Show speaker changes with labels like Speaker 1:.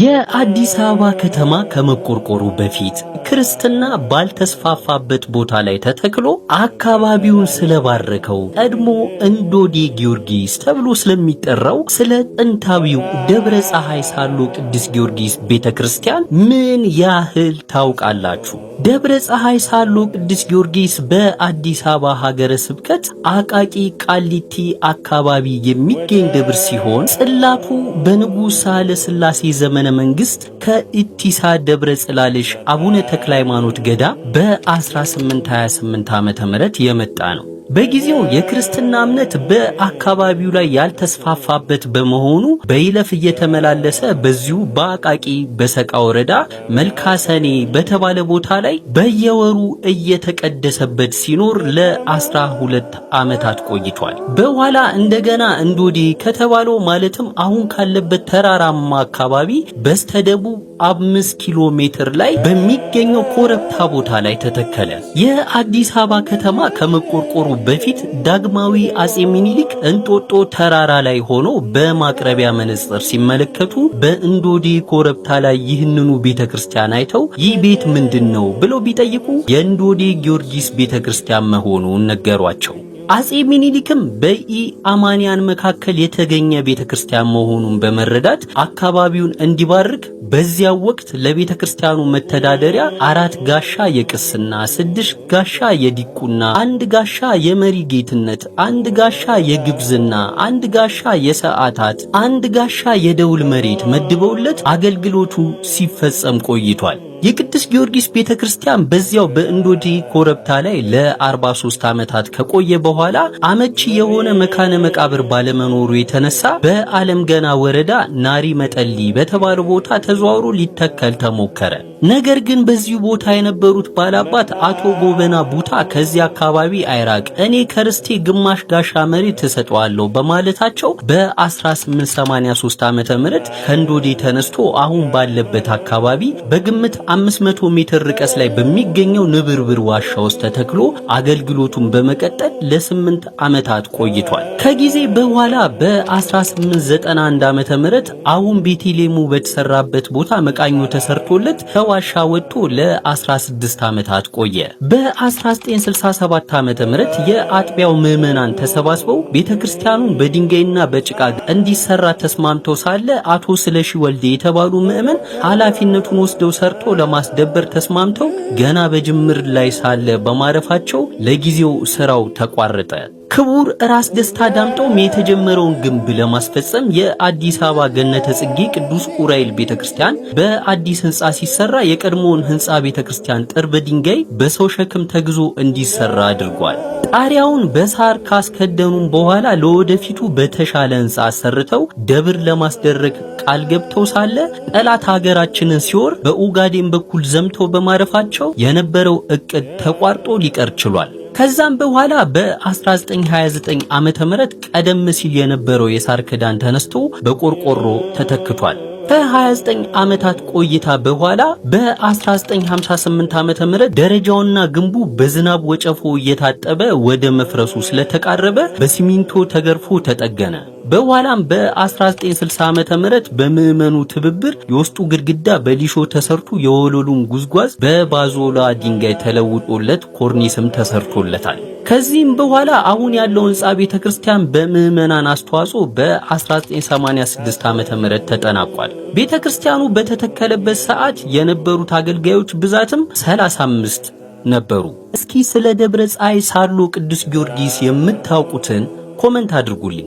Speaker 1: የአዲስ አበባ ከተማ ከመቆርቆሩ በፊት ክርስትና ባልተስፋፋበት ቦታ ላይ ተተክሎ አካባቢውን ስለባረከው ቀድሞ እንዶዴ ጊዮርጊስ ተብሎ ስለሚጠራው ስለ ጥንታዊው ደብረ ፀሐይ ሳሎ ቅዱስ ጊዮርጊስ ቤተ ክርስቲያን ምን ያህል ታውቃላችሁ? ደብረ ፀሐይ ሳሎ ቅዱስ ጊዮርጊስ በአዲስ አበባ ሀገረ ስብከት አቃቂ ቃሊቲ አካባቢ የሚገኝ ደብር ሲሆን ጽላቱ በንጉሥ ሳህለ ሥላሴ ዘመን ዘመነ መንግስት ከኢቲሳ ደብረ ጽላልሽ አቡነ ተክለ ሃይማኖት ገዳ በ1828 ዓ.ም የመጣ ነው። በጊዜው የክርስትና እምነት በአካባቢው ላይ ያልተስፋፋበት በመሆኑ በይለፍ እየተመላለሰ በዚሁ በአቃቂ በሰቃ ወረዳ መልካሰኔ በተባለ ቦታ ላይ በየወሩ እየተቀደሰበት ሲኖር ለአስራ ሁለት ዓመታት ቆይቷል። በኋላ እንደገና እንዶዲ ከተባለው ማለትም አሁን ካለበት ተራራማ አካባቢ በስተደቡብ አምስት ኪሎ ሜትር ላይ በሚገኘው ኮረብታ ቦታ ላይ ተተከለ። የአዲስ አበባ ከተማ ከመቆርቆሩ በፊት ዳግማዊ አጼ ሚኒሊክ እንጦጦ ተራራ ላይ ሆኖ በማቅረቢያ መነጽር ሲመለከቱ በእንዶዴ ኮረብታ ላይ ይህንኑ ቤተክርስቲያን አይተው ይህ ቤት ምንድን ነው ብለው ቢጠይቁ የእንዶዴ ጊዮርጊስ ቤተክርስቲያን መሆኑን ነገሯቸው። አጼ ሚኒሊክም አማንያን መካከል የተገኘ ቤተ ክርስቲያን መሆኑን በመረዳት አካባቢውን እንዲባርክ በዚያው ወቅት ለቤተ ክርስቲያኑ መተዳደሪያ አራት ጋሻ የቅስና፣ ስድስት ጋሻ የዲቁና፣ አንድ ጋሻ የመሪ ጌትነት፣ አንድ ጋሻ የግብዝና፣ አንድ ጋሻ የሰዓታት፣ አንድ ጋሻ የደውል መሬት መድበውለት አገልግሎቱ ሲፈጸም ቆይቷል። የቅዱስ ጊዮርጊስ ቤተክርስቲያን በዚያው በእንዶዲ ኮረብታ ላይ ለ43 ዓመታት ከቆየ በኋላ አመቺ የሆነ መካነ መቃብር ባለመኖሩ የተነሳ በአለም ገና ወረዳ ናሪ መጠሊ በተባለ ቦታ ተዘዋውሮ ሊተከል ተሞከረ። ነገር ግን በዚሁ ቦታ የነበሩት ባላባት አቶ ጎበና ቡታ ከዚህ አካባቢ አይራቅ፣ እኔ ከርስቴ ግማሽ ጋሻ መሬት ተሰጠዋለሁ በማለታቸው በ1883 ም ከእንዶዴ ተነስቶ አሁን ባለበት አካባቢ በግምት 500 ሜትር ርቀት ላይ በሚገኘው ንብርብር ዋሻ ውስጥ ተተክሎ አገልግሎቱን በመቀጠል ለስምንት ዓመታት ቆይቷል። ከጊዜ በኋላ በ1891 ዓመተ ምህረት አሁን ቤተልሔሙ በተሰራበት ቦታ መቃኞ ተሰርቶለት ከዋሻ ወጥቶ ለ16 ዓመታት ቆየ። በ1967 ዓመተ ምህረት የአጥቢያው ምዕመናን ተሰባስበው ቤተክርስቲያኑን በድንጋይና በጭቃ እንዲሰራ ተስማምተው ሳለ አቶ ስለሺ ወልዴ የተባሉ ምዕመን ኃላፊነቱን ወስደው ሰርቶ ለማስደበር ተስማምተው ገና በጅምር ላይ ሳለ በማረፋቸው ለጊዜው ስራው ተቋረጠ። ክቡር ራስ ደስታ ዳምጠውም የተጀመረውን ግንብ ለማስፈጸም የአዲስ አበባ ገነተ ጽጌ ቅዱስ ቤተ ቤተክርስቲያን በአዲስ ህንፃ ሲሰራ የቀድሞውን ህንፃ ቤተክርስቲያን ጥርብ ድንጋይ በሰው ሸክም ተግዞ እንዲሰራ አድርጓል። ጣሪያውን በሳር ካስከደኑም በኋላ ለወደፊቱ በተሻለ ህንፃ አሰርተው ደብር ለማስደረግ ቃል ገብተው ሳለ ጠላት ሀገራችንን ሲወር በኦጋዴን በኩል ዘምተው በማረፋቸው የነበረው እቅድ ተቋርጦ ሊቀር ችሏል። ከዛም በኋላ በ1929 ዓመተ ምህረት ቀደም ሲል የነበረው የሳር ክዳን ተነስቶ በቆርቆሮ ተተክቷል። ከ29 ዓመታት ቆይታ በኋላ በ1958 ዓመተ ምህረት ደረጃውና ግንቡ በዝናብ ወጨፎ እየታጠበ ወደ መፍረሱ ስለተቃረበ በሲሚንቶ ተገርፎ ተጠገነ። በኋላም በ1960 ዓ ም በምዕመኑ ትብብር የውስጡ ግድግዳ በሊሾ ተሰርቶ የወለሉም ጉዝጓዝ በባዞላ ድንጋይ ተለውጦለት ኮርኒስም ተሰርቶለታል። ከዚህም በኋላ አሁን ያለው ህንፃ ቤተ ክርስቲያን በምዕመናን አስተዋጽኦ በ1986 ዓ.ም ተጠናቋል። ቤተ ክርስቲያኑ በተተከለበት ሰዓት የነበሩት አገልጋዮች ብዛትም 35 ነበሩ። እስኪ ስለ ደብረ ፀሐይ ሳሎ ቅዱስ ጊዮርጊስ የምታውቁትን ኮመንት አድርጉልኝ።